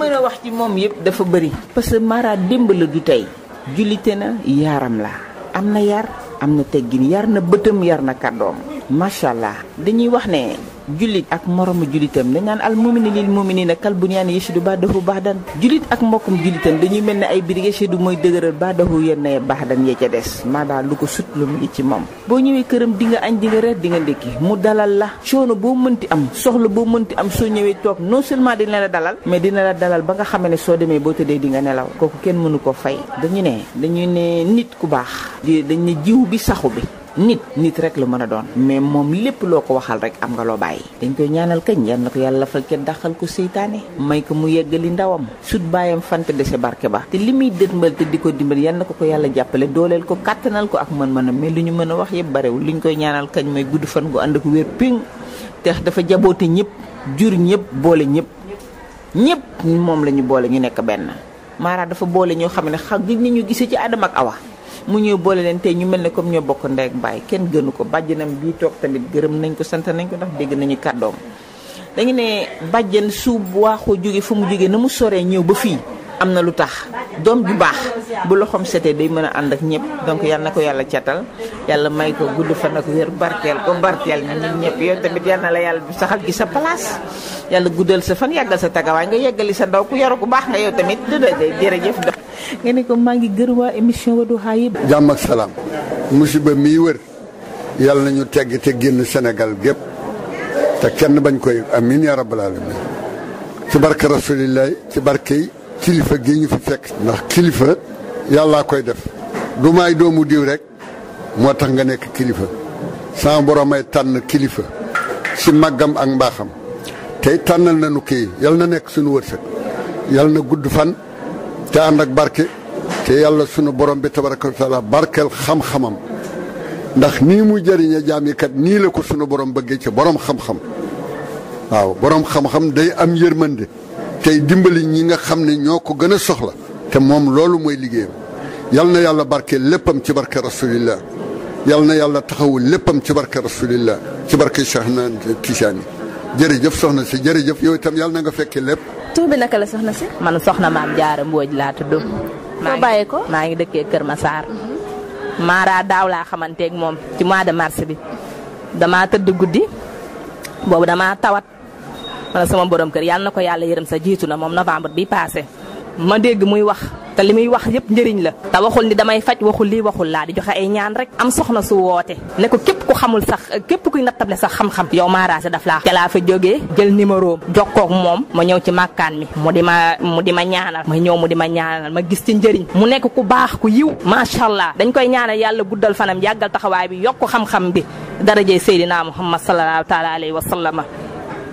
mën a wax ci moom yëpp dafa bëri parce que mara démb la du tey julite na yaram la am na yar am na teggin yar na bëtam yar na kàddoom macha allah dañuy wax ne jullit ak moromu jullitam dañ naan al mumini lil muminina kal bunyaani yashuddu ba'dahu ba'dan jullit ak mbokkum jullitam dañuy mel ne ay birig yashuddu mooy dëgëral ba'dahu yenn ya ba'dan ya ca des maanaam lu ko sut lu ci moom boo ñëwee këram di nga añ di nga reer di nga ndékki mu dalal la coono boo mënti am soxla boo mënti am soo ñëwee toog noo non seulement dina la dalal mais dina la dalal ba nga xamee ne soo demee boo tëddee dinga nelaw kooku kenn mënu ko fay dañu ne dañu ne nit ku baax dañ ne jiw bi saxu bi nit nit rek la mën a doon mais moom lépp loo ko waxal rek am nga loo bàyyi dañ koy ñaanal kañ yan na ko yàlla lafal ke daxal ko seytaane may ko mu yeggali ndawam sut bàyyam fante de sa barke ba te li muy dëmbal te di ko dimbal yan na ko ko yàlla jàppale dooleel ko kàttanal ko ak mën-mënam mais li ñu mën a wax yëpp barewul li ñu koy ñaanal kañ may gudd fan gu ànd ak wér ping te dafa jaboote ñëpp jur ñëpp boole ñëpp ñëpp moom la ñu boole ñu nekk benn Mara dafa boole ñoo xam ne xam nit ñi ñu gisee ci Adama ak Awa mu ñëw boole leen tay ñu melni comme ñoo bokk ndey ak bàyyi gënu ko bajjanam bi tok tamit gërem nañ ko sant nañ ko ndax dégg nañu kàddoom dañu ne bajjan su waaxoo jóge fu mu jóge na mu soree ñew ba fi amna na lu tax doom ju baax bu loxom sété day mëna and ak ñepp donc yalla nako yalla ciatal yalla may ko gudd fa ak wër barkel ko barkel ni ñepp yow tamit yalla la yalla bi saxal gi sa place yalla guddal sa fan yagal sa tagawaay nga yegali sa ndaw ku yaru ku baax nga yow tamit dëdë jërëjëf nga maa ngi gër waa émission Wadduha yi. jàmm ak salaam musiba mii wër yàlla nañu tegg te génn senegal gépp te kenn bañ koy amin ya rabbal alamin ci barke rasulillah ci barke yi kilifa gi ñu fi fekk. ndax kilifa yàllaa koy def du maay doomu diw rek moo tax nga nekk kilifa sama borom ay tànn kilifa si màggam ak mbaaxam tey tànnal nañu kii yal na nekk suñu wërsëg yal na gudd fan. te ànd ak barke te yàlla sunu borom bi tabaraka wa taala barkeel xam-xamam ndax nii muy jëriñe jaam yi nii la ko sunu borom bëggee ci borom xam-xam waaw borom xam-xam day am yërmande tey dimbali ñi nga xam ne ñoo ko gën a soxla te moom loolu mooy liggéeyam yal na yàlla barke léppam ci barke rasulillah yal na yàlla taxawu léppam ci barke rasulillah ci barke Cheikh na Tijaani jërëjëf soxna si jërëjëf yow itam yal na nga fekke lépp tur bi naka la soxna si. man soxna maam jaara Mbodj laa tudd. Mhm. maa ngi bàyyee ko maa ngi dëkkee Kër Massar. Mhm. Mara daaw laa xamanteeg moom ci mois de mars bi damaa tëdd guddi boobu damaa tawat man sama borom kër yàlla na ko yàlla yërëm sa jiitu na moom novembre bi passé ma dégg muy wax. te li muy wax yëpp njëriñ la te waxul ni damay faj waxul lii waxul laa di joxe ay ñaan rek am soxna su wootee ne ko képp ku xamul sax képp kuy ne sax xam-xam yow maaraase daf laa ca laa fa jógee jël numéro jokkoog moom ma ñëw ci màkkaan mi mu di ma mu di ma ñaanal ma ñëw mu di ma ñaanal ma gis ci njëriñ mu nekk ku baax ku yiw macha allah dañ koy ñaanal yàlla guddal fanam yàggal taxawaay bi yokk xam-xam bi darajee Seydina Muhammad sallallahu taala alayhi wa sallama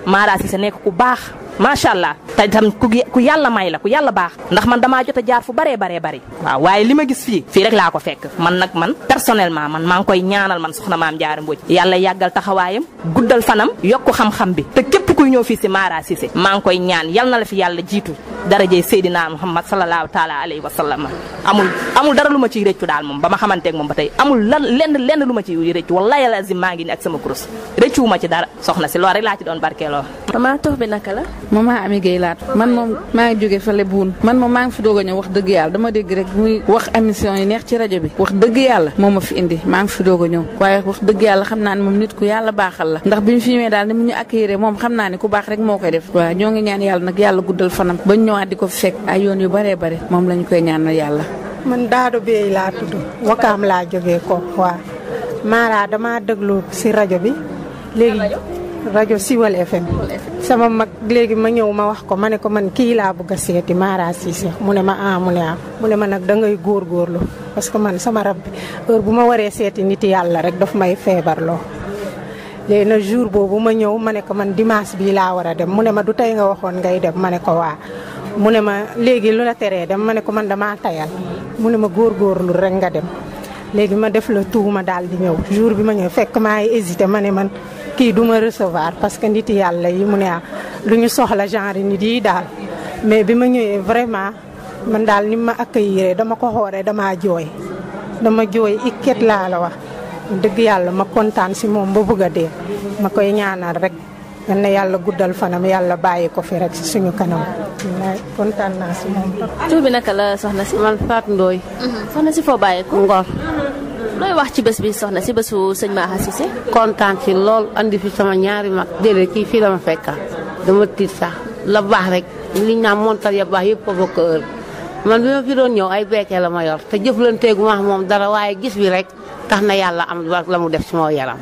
maaraase sa nekk ku baax macha te tam ku yàlla may la ku yàlla baax ndax man damaa jot a jaar fu baree baree bari waaw waaye li ma gis fii fii rek laa ko fekk man nag man personnellement man maa ngi koy ñaanal man soxna maam Diarra Mbodj yàlla yàggal taxawaayam guddal fanam yokk xam-xam bi te képp kuy ñëw fii si Mara Cissé maa ngi koy ñaan yal na la fi yàlla jiitu dara darajee Seydina Muhammad sallallahu taala alayhi wa sallam amul amul dara lu ma ciy rëccu daal moom ba ma xamanteeg moom ba tey amul lan lenn lenn lu ma ciy rëccu wallahi lazim maa ngi ni ak sama kurus rëccuwuma ci dara si loolu rek laa ci doon barkeeloo maman tur bi naka la. maman Ami Guèye laat man moom maa ngi jóge fële buun man moom maa ngi fi doog ñëw wax dëgg yàlla dama dégg rek muy wax émission yi neex ci rajo bi wax dëgg yàlla moo ma fi indi maa ngi fi doog a ñëw waaye wax dëgg yàlla xam naa ne moom nit ku yàlla baaxal la ndax bi ñu fi ñëwee daal ni mu ñu accueillir moom xam naa ne ku baax rek moo koy def waaw ñoo ngi ñaan yàlla nag yàlla guddal fanam ba ñëwaat di ko fekk ay yoon yu baree bare moom lañu koy ñaanal yàlla man Daado Bey laa tudd wakaam laa jógee ko waaw Mara dama déglu si rajo bi léegi rajo Siwal FM sama mag léegi ma ñëw ma wax ko ma ne ko man kii laa bëgg a seeti Mara Cissé mu ne ma ah mu ne ah mu ne ma nag da ngay góorgóorlu parce que man sama rab bi heure bu ma waree seeti nit yàlla rek dafa may feebarloo. léegi nag jour boobu ma ñëw ma ne ko man dimanche bii laa war a dem mu ne ma du tey nga waxoon ngay dem ma ne ko waa mu ne ma léegi lu la teree dem ma ne ko man dama tayal mu ne ma góorgóorlu rek nga dem léegi ma def la kii du ma recevoir parce que nit yàlla yi mu ne ah lu ñu soxla genre nit yi daal mais bi ma ñëwee vraiment man daal ni ma accueillir dama ko xooree dama jooy dama jooy ikket laa la wax dëgg yàlla ma kontaan si moom ba bëgg dee ma koy ñaanal rek yal na yàlla guddal fanam yàlla bàyyi ko fi rek si suñu kanam kontaan naa si moom. tur bi naka la soxna si. man Fatou Ndoye. Mhm. soxna si foo bàyyi ko Ngor. looy wax ci bés bi soxna si bésu sëñ Maha Cissé. kontaan si lool andi fi sama ñaari mag déedéet kii fii la ma fekka dama tiit sax la baax rek liñ naan montar ya baax yëpp ko bokk heure man bi ma fi doon ñëw ay beekee la ma yor te jëflanteegu ma moom dara waaye gis bi rek tax na yàlla am la mu def suma yaram.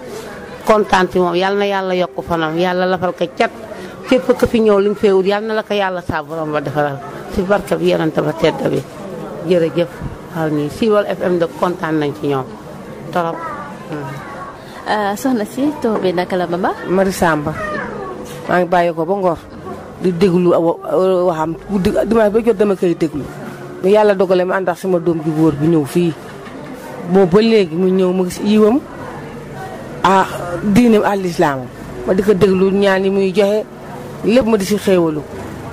kontaan ci moom yàlla na yàlla yokk fanam yàlla lafal ko cat képp ko fi ñëw li nga fee wut yal na la ko yàlla saa borom ba defaral ci barke bi ba tedd bi waxal ni siwal FM de kontan nañ ci ñom torop. Euh, soxna si tur bi naka la mama. Mari Samba ma ngi bayiko ko ba Ngor di deglu waxam dimanche ba jot dama kay deglu bu yalla dogale ma andax sama dom bi woor bi ñew fi bo ba legi mu ñew ma yiwam ah dinam al Islam, ma diko deglu déglu ñaan yi muy joxe lepp ma di ci xewalu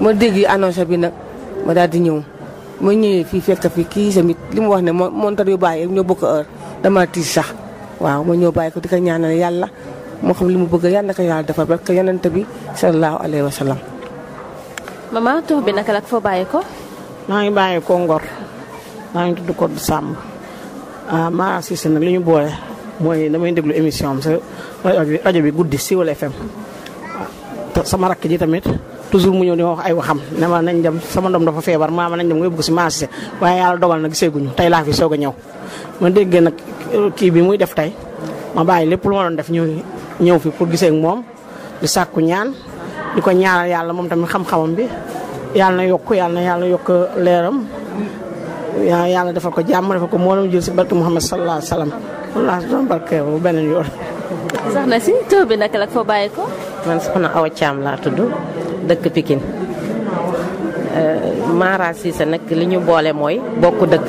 ma dégg annonce bi nak ma dal di ñew mooy ñëwee fii fekk fi kii tamit li mu wax ne moom montar yu bàyyi ñoo bokk heure dama tiis sax waaw moo ñëw bàyyi ko di ko ñaanal yàlla moo xam li mu bëgg yàlla na ko yàlla defal barke yonent bi sallallahu alayhi wa sallam. maman tur bi naka la foo bàyyi ko. maa ngi bàyyi ko Ngor maa ngi tudd ko sàmm ah maa assisté nag li ñu boole mooy damay déglu émission am sa rajo bi rajo bi guddi Siwal FM. sama rakk ji tamit toujours mu ñëw di ma wax ay waxam ne ma nañ dem sama doom dafa feebar maama nañ dem nga yóbbu ko si maasise waaye yàlla dogal na giseeguñu tey laa fi soo a ñëw. ma dégg nag kii bi muy def tey ma bàyyi lépp lu ma doon def ñëw ñëw fi pour gisee moom di sàkku ñaan di ko ñaanal yàlla moom tamit xam-xamam bi yàlla na yokk yàlla yàlla yokk leeram. yàlla defal ko jàmm defal ko moo mboolem jël si barke Muhammad sallallahu alayhi wa sallam wallaahi doon beneen yoon. soxna si tur bi naka la foo bàyyi ko. man soxna Awa Thiam laa tudd dëkk Pikine euh, Mara Cissé nag li ñu boole mooy bokk dëkk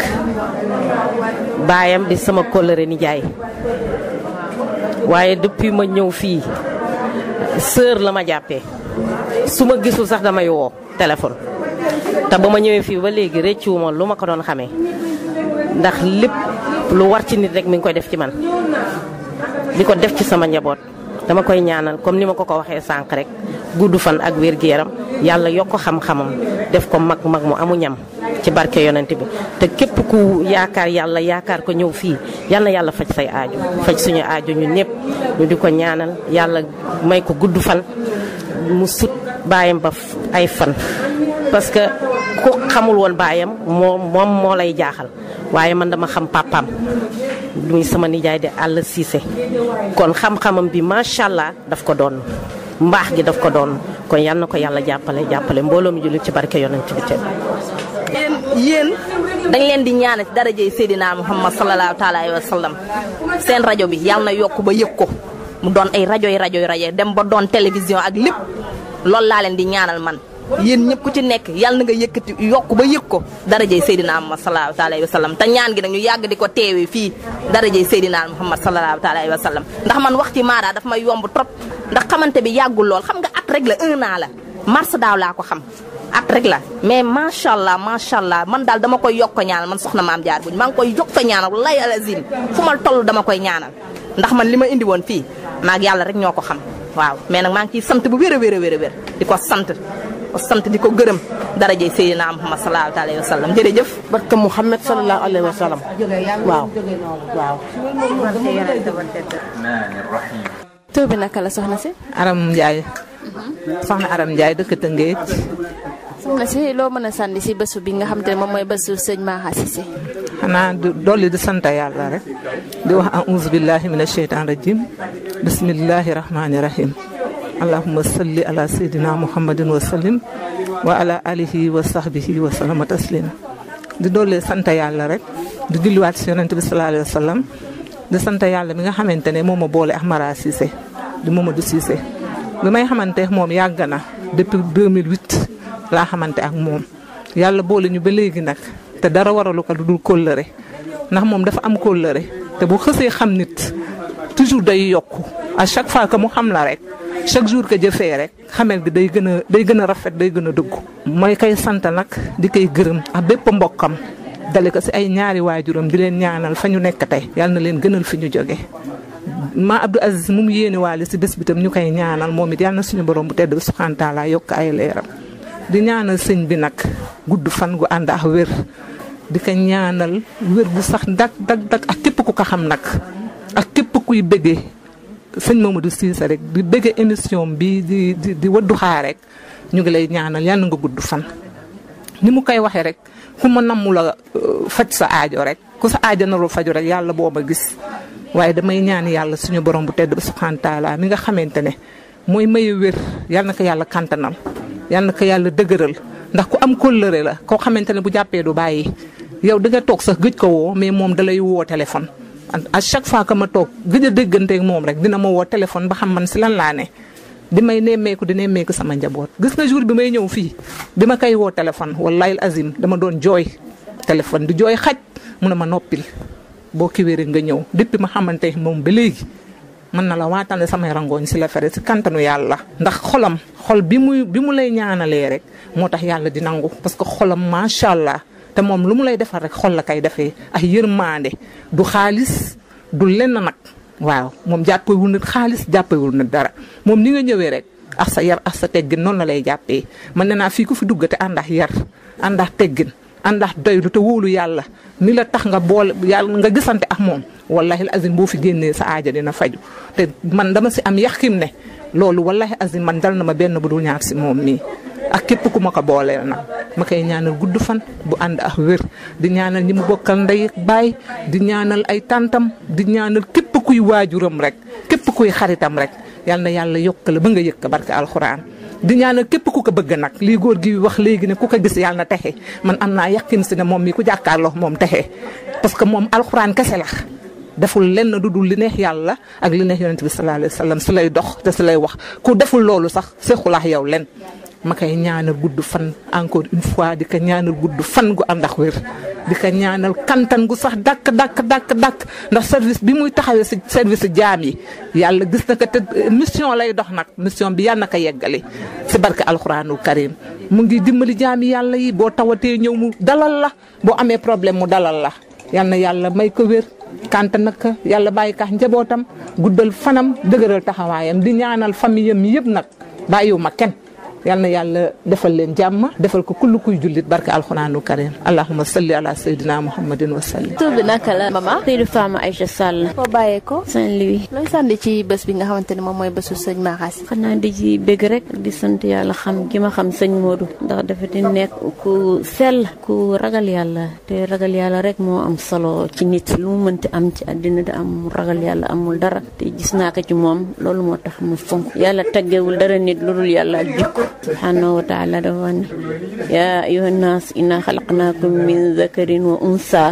baayam di sama kóllëre nijaay waaye depuis ma ñëw fii sœur la ma jàppe su ma gisul sax damay woo téléphone te ba ma ñëwee fii ba léegi rëccuwuma lu ma ko doon xamee ndax lépp lu war ci nit rekk mi ngi koy def ci man di ko def ci sama njaboot dama koy ñaanal comme ni ma ko ko waxee sànq rek gudd fan ak wér gu yàlla yokk xam-xamam def ko mag mag mu amu ñam ci barke yonent bi te képp ku yaakaar yàlla yaakaar ko ñëw fii yàlla yàlla faj say aaju faj suñu aaju ñun ñëpp ñu di ko ñaanal yàlla may ko gudd fan mu sut baayam ba ay fan parce que ku xamul woon baayam moom moom moo lay jaaxal waaye man dama xam papaam muy sama nijaay de àll siise kon xam-xamam bi macha allah daf ko doon mbaax gi daf ko doon kon yal na ko yàlla jàppale jàppale mbooloo mi jullit ci barke yonent bi te yéen dañ leen di ñaanal ci darajey Seydina Muhammad sallallahu taala alayhi wa sallam seen rajo bi yàlla na yokk ba yëg ko mu doon ay rajo yi rajo yi rajo dem ba doon télévision ak lépp loolu laa leen di ñaanal man. yéen ñëpp ku ci nekk yàlla na nga yëkkati yokk ba yëg ko darajey Seydina Muhammad sallallahu alayhi wa sallam ta ñaan gi nag ñu yàgg di ko teewee fii darajey Seydina Muhammad sallallahu alayhi wa sallam ndax man wax ci Mara daf may yomb trop ndax xamante bi yàggul lool xam nga at rek la un an la mars daal laa ko xam at rek la mais macha allah macha allah man daal dama koy yokk ñaanal man soxna maam jaar buñ maa ngi koy yokk ñaanal wallaahi alazim fu ma toll dama koy ñaanal ndax man li ma indi woon fii maag yàlla rek ñoo ko xam waaw mais nag maa ngi ciy sant bu wér a wér a di ko sant ko sant di ko gërëm darajey Seydina Muhammad sallallahu alayhi wa sallam jërëjëf barka Muhammad sallallahu alayhi wa sallam waaw waaw tur bi naka la soxna si Aram Ndiaye soxna Aram Ndiaye dëkk Tëngéej soxna si loo mën a sandi si bésu bi nga xam te ne moom mooy bésu sëñ Maha Cissé xanaa dolli di sant yàlla rek di wax auzu billahi mina sheytaan rajim bismillahi rahmaani rahim اللهم صل على سيدنا محمد وسلم وعلى آله وصحبه وسلم تسليما di doole sant yàlla rek di julliwaat si yonent bi sallallahu alayhi wa sallam di sant yàlla mi nga xamante ne moom a boole ak Mara Cissé di Mamadou Cissé bi may xamante moom yàgg na depuis 2008 laa xamante ak moom yàlla boole ñu ba léegi nag te dara waralu ko du dul kóllëre ndax moom dafa am kóllëre te bu xësee xam nit toujours day yokku à chaque fois que mu xam la rek chaque jour que jëfee rek xamel gi day gën a day gën rafet day gën a dëgg mooy kay santa nag di koy gërëm ak bépp mbokkam dale ko si ay ñaari waajuram di leen ñaanal fa ñu nekk tey yàlla na leen gënal fi ñu joge ma Abdou Aziz mu mu yéene waale si bés bi tam ñu koy ñaanal moom it yàlla na suñu borom bu tedd subhaana taala yokk ay leeram di ñaanal sëñ bi nag gudd fan gu ànd ak wér di ko ñaanal wér gu sax dag dag dag ak képp ku ko xam nag ak képp kuy bëggee sëñ Mamadou Cissé rek di bëgg émission bi di di di Wadduha rek ñu ngi lay ñaanal yàlla nga gudd fan. ni mu koy waxee rek ku ma namm la euh, faj sa aajo rek ku sa aajo narul faju rek yàlla boo ma gis waaye damay ñaan yàlla suñu borom bu tedd ba subhaana taala mi nga xamante ne mooy maye wér yàlla na ko yàlla kantanal yàlla na ko yàlla dëgëral ndax ku am kóllëre la koo xamante ne bu jàppee du bàyyi yow di nga toog sax gëj ko woo mais moom da lay woo téléphone. à chaque fois que ma toog gëj a dégganteeg moom rek dina ma woo téléphone ba xam man si lan laa ne di may nemmeeku di nemmeeku sama njaboot gis nga jour bi may ñëw fii bi ma koy woo téléphone wallahi azim dama doon jooy téléphone di jooy xaj mu ne ma noppil boo ki wéree nga ñëw depuis ma xamante moom ba léegi mën na la waatal ne samay rangooñ si la fere si kantanu yàlla ndax xolam xol bi muy bi mu lay ñaanalee rek moo tax yàlla di nangu parce que xolam macha allah te moom lu mu lay defal rek xol la kay defee ak yërmaande du xaalis du lenn nag waaw moom jàppewul nit xaalis jàppewul nit dara moom ni nga ñëwee rek ak sa yar ak sa teggin noonu la lay jàppee man ne naa fii ku fi dugg te àndax yar àndax teggin àndax doylu te wóolu yàlla mi la tax nga boole yàlla nga gisante ak moom wallahi azim boo fi génnee sa aaja dina faju te man dama si am yaqin ne loolu wallahi azim man dal na ma benn bu dul ñaar si moom mii ak képp ku ma ko booleel nag ma koy ñaanal gudd fan bu ànd ak wér di ñaanal ñi mu bokkal ndey ak baay di ñaanal ay tàntam di ñaanal képp kuy waajuram rek képp kuy xaritam rek yàlla na yàlla yokkale ba nga yëg ko barke alxuraan. di ñaanal képp ku ko bëgg nag lii góor gi wax léegi ne ku ko gis yàlla na texe man am naa yàqin si ne moom mii ku jàkkaarloo moom texe parce que moom alxuraan kese la. deful lenn du dul li neex yàlla ak li neex yonent bi sallallahu alayhi wa sallam si lay dox te si lay wax ku deful loolu sax seexulaax yow lenn ma koy ñaanal gudd fan encore une fois di ko ñaanal gudd fan gu ànd ak wér di ko ñaanal kantan gu sax dakk dàkk dàkk dàkk ndax service bi muy taxawee si service jaam yi yàlla gis na ka te euh, mission lay dox nag mission bi yàlla na ka yeggale si barke alxuraanu karim mu ngi dimbali jaami yàlla yi boo tawatee ñëw mu dalal la boo amee problème mu dalal la yal yàlla may ko wér kanta nag yàlla bàyyi kax njabootam guddal fanam dëgëral taxawaayam di ñaanal famille am yal na yàlla defal leen jàmm defal ko kullu kuy jullit barke alxuraanu karim allahuma salli ala sayyidina muhammadin wa sallim. tur bi naka la mama. Seydou Fama Aïcha Sall. foo bàyyee ko. saint ci bés bi nga xamante ne moom mooy bésu sëñ Maras. xanaa di ci bëgg rek di sant yàlla xam gi ma xam sëñ Modou. ndax dafa di nekk ku sell. ku ragal yàlla te ragal yàlla rek moo am solo ci nit lu mu mënti am ci àddina di am ragal yàlla amul dara te gis naa ko ci moom loolu moo tax mu fonk yàlla taggewul dara nit lu dul yàlla ak سبحانه وتعالى روان يا أيها الناس إنا خلقناكم من ذكر وأنثى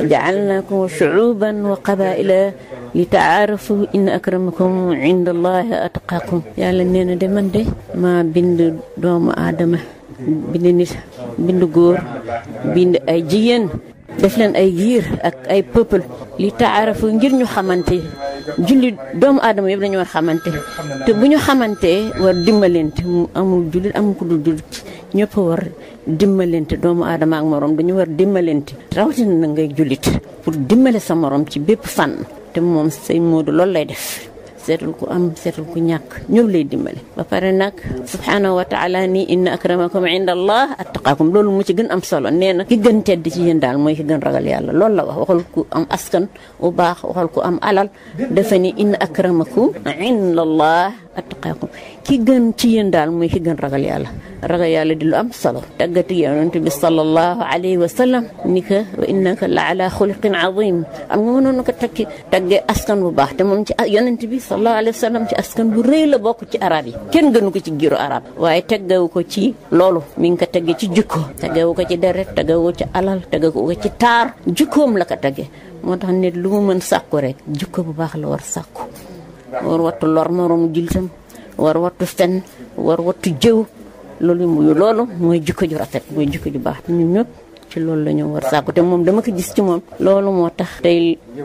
وجعلناكم شعوبا وقبائل لتعارفوا إن أكرمكم عند الله أتقاكم يا لنين دمان دي ما بند دوم آدم بند نسا بند غور بند ay def leen ay giir ak ay peuple li arafu ngir ñu xamante jullit doomu aadama yëpp dañu war xamante te bu ñu xamantee war dimbalante mu amul jullit amul kuddu dul jullit ñëpp war dimbalante doomu aadama ak morom dañu war dimbalante rawatina na ngay jullit pour dimbale sa morom ci bépp fànn te moom say moodu loolu lay def seetal ku am seetal ku ñàkk ñoom lay dimbale ba pare nag subhanahu wa taala ni inna akramakum inda allah attaqakum loolu mu ci gën am solo nee na ki gën tedd ci yéen daal mooy ki gën ragal yàlla loolu la wax waxal ku am askan bu baax waxal ku am alal dafa ni inna akramakum inda allah attaqaakum ki gën ci yéen daal mooy ki gën ragal yàlla ragal yàlla di lu am solo tàggati yonent bi sallallahu alayhi wa sallam ni ka wa innaka la ala xuliqin azim am nga mënoon ko takki taggee askan bu baax te moom ci yonent bi sallallahu alayhi wa ci askan bu rëy la bokk ci arab yi kenn gënu ko ci giiru arab waaye teggewu ko ci loolu mi ngi ko teggee ci jikko teggewu ko ci deret teggewu ko ci alal teggewu ko ci taar jikkoom la ko teggee moo tax nit lu mu mën sàkku rek jikko bu baax la war sàkku war wattu lor moroomu jullitam war wattu fen war wattu jëw loolu muy loolu mooy jikko ju rafet mooy jikko ju baax ñun ci loolu la ñu war sàkku te moom dama ko gis ci moom loolu moo tax tey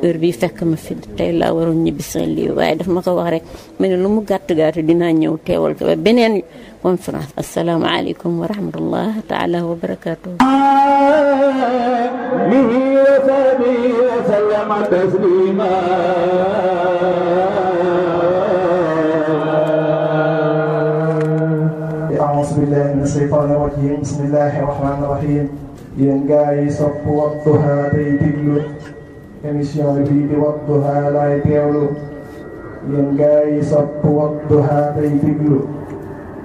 heure bi fekk ma fi tey la waroon ñibbi sa lii waaye daf ma ko wax rek ma ne lu mu gàtt gàtt dinaa ñëw teewal ko beneen conférence asalaamaaleykum wa rahmatullah taala wa barakaatuh min asheytaani irrajim bismillahi irrahmani irrahim yéen gaa yi sopp Wadduha tey diglu émission bii di Wadduha laay teewlu yéen gaa yi sopp Wadduha tey diglu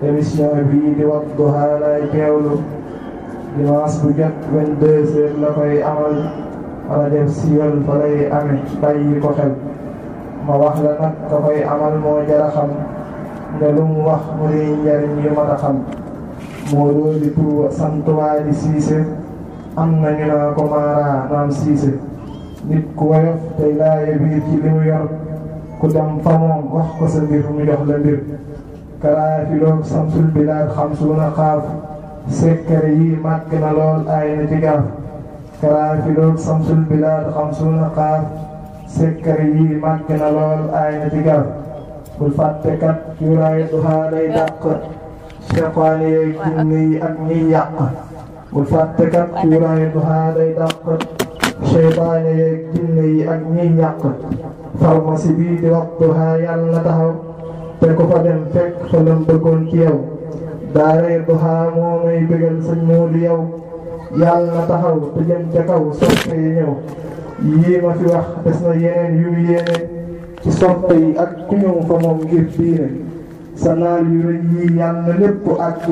émission bii di Wadduha laay teewlu dimanche bu jot 22h la koy amal wala def siiwal fa lay amee bàyyi ko xel ma wax la nag ka koy amal moo jara xam nga lu mu wax mu di njariñ yu mat a xam Mawlodi Touba sant waay di Cissé am na ñu naa ko Mara naam Cissé nit ku woyof tey laaye biir ci li mu ku dem fa moom wax ko sa mbir mu jox la mbir. karaafiloog samsul bilaad xamsuuna xaaf sekkare yi màgg na lool ay na ci gaaf. karaafiloog samsul bilaad xamsuuna xaaf sekkare yi màgg na lool ay na ci gaaf. seytaane yeeg jinne yi ak ñiy yàq bul fàttekat cuuraayu duhaa day dàq seytaane yeeg jinne yi ak ñiy yàq pharmacie bii di Wadduha yàlla na taxaw te ku fa dem fekk fa lam bëggoon ci yow daaray Duha moo may bëggal sëñ Moodu yow na taxaw te jëm ca kaw soppe yii ma fi wax des na yeneen yu ci soppe yi ak ku fa moom ngir diine sanaa yu rëy yi yal na lépp àgg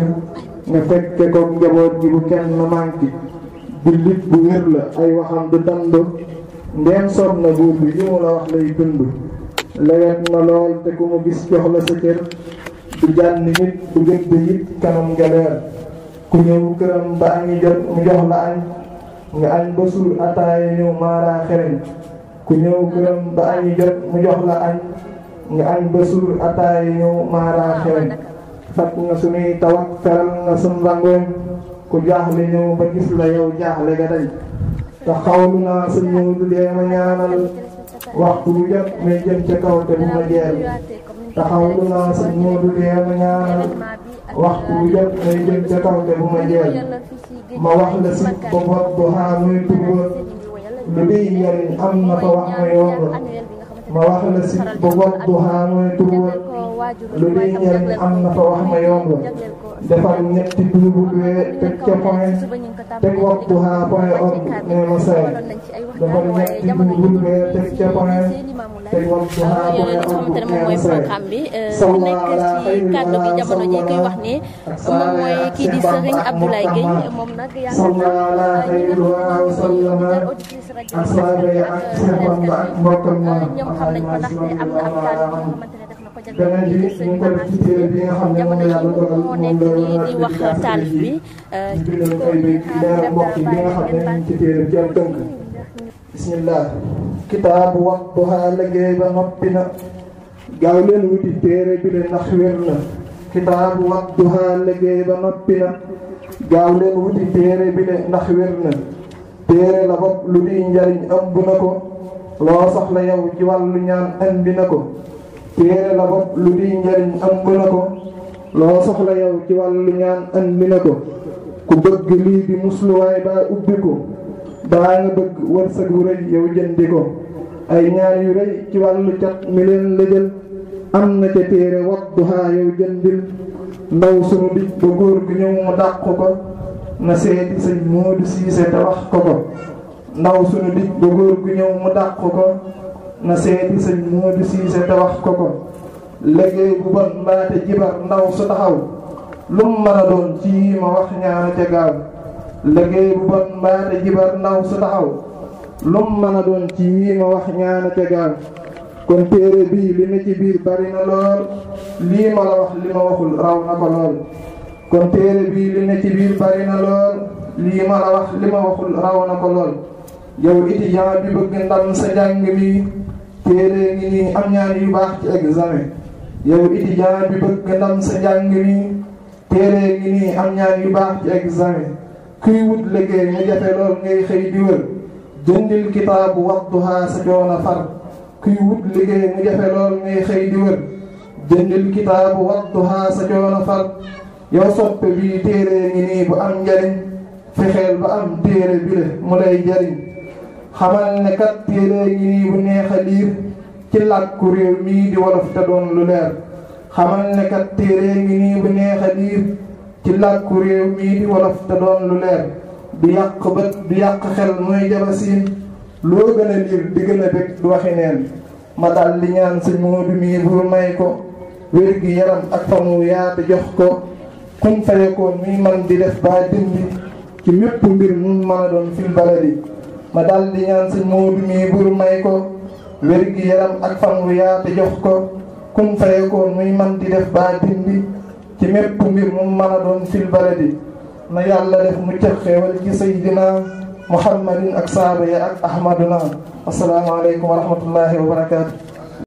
nga fekke ko njaboot gi bu kenn manqué jullit bu wér la ay waxam du dand ndeen soob na buur bi li mu la wax lay dund lewet na lool te ku mu gis jox la sa cër du jànn nit bu gëdd it kanam nga ku ñëw la këram ba añi jot mu jox la añ nga ay basur atayo marahen ah, fat nga suni tawak karam nga sumbangoy ku jaxle ñu ba gis la yow jaxle ga day ta xawluna suñu du de ma ñaanal waxtu bu jot may jëm ca kaw te bu ma jeel ta xawluna suñu du de ma ñaanal waxtu bu jot may jëm ca kaw te bu ma jeel ma wax la si ko bot duha muy tubba lu am na ma wax la si itu. lu luy njëriñ am na fa wax ma yomb la defar ñetti www teg ca point teg Wadduha point org nee ma say defar ñetti www teg ca point teg Wadduha point org nee ma say saw laa kàddu gi jamono ji koy wax ne moom mooy kii di Serigne Abdoulaye Gueye moom nag yaa ngi danañ di ñu ngi ko def di wax taalif bi ci bindal ay bay bismillah kitaabu waxtuha liggéey ba noppi na gaaw leen wuti téere bi le ndax wér na kitaabu waxtuha liggéey ba noppi na gaaw leen wuti téere bi le ndax wér na téere la bopp lu di njariñ téere la bopp lu di njariñ am na ko loo soxla yow ci wàllu ñaan andi na ko ku bëgg lii di musluwaay baa ubbi ko daa nga bëgg wërsëg wu rëy yow jëndi ko ay ñaan yu rëy ci wàllu cat mi leen lëjël am na ca téere Wadduha yow jëndil ndaw sunu bij ba góor ñëw mu dàq ko na seeti sëñ Moodu Siise te wax ko ko ndaw sunu bij ba góor ñëw mu dàq ko na seeti sëñ Moodu Siise te wax ko ko liggéey bu bon mbaate jibar ndaw su taxaw lum mën a doon ci yi wax ñaana ca gaaw bu bon mbaate jibar ndaw su taxaw lum mën doon ci yi wax ñaana ca kon téere bii li na ci biir bari na lool lii la wax li ma waxul raw na ko yow étudiant bi bëgg ndam sa jàng mi téere ngi nii am ñaan yu baax ci examen yow étudiant bi bëgg ndam sa jàng mi téere ngi nii am ñaan yu baax ci examen kuy wut liggéey mu jafe lool xëy di wër jëndil kitaabu Wadduha sa joona far kuy wut liggéey mu jafe lool xëy di wër jëndil kitaabu Wadduha sa joona far yow soppe bi téere ngi nii bu am njariñ fexeel ba am téere bi le mu lay jariñ xamal ne kat téere ngi nii bu neex a liir ci làkku réew mii di wolof te doon lu leer xamal ne kat téere ngi nii bu neex a liir ci làkku réew mii di wolof te doon lu leer du yàq bët du yàq xel muy jabasiin loo gën a liir di gën a bëgg du waxi ma dal li ñaan sëñ Moodu mii bu may ko wér gi yaram ak famu yaate jox ko kun fayekoon mi man di def baa dimbi ci mépp mbir mu mën doon fil baladi ma daal di ñaan sëñ Moodu mii yaram ak fan wu yaate jox ko kun fayekoon muy man di def baa dindi ci mépp mbir mu mën a doon baladi na yàlla def mu ci saydina muhammadin ak saaba ya ak ahmaduna asalaamaaleykum wa rahmatullahi wa barakaatu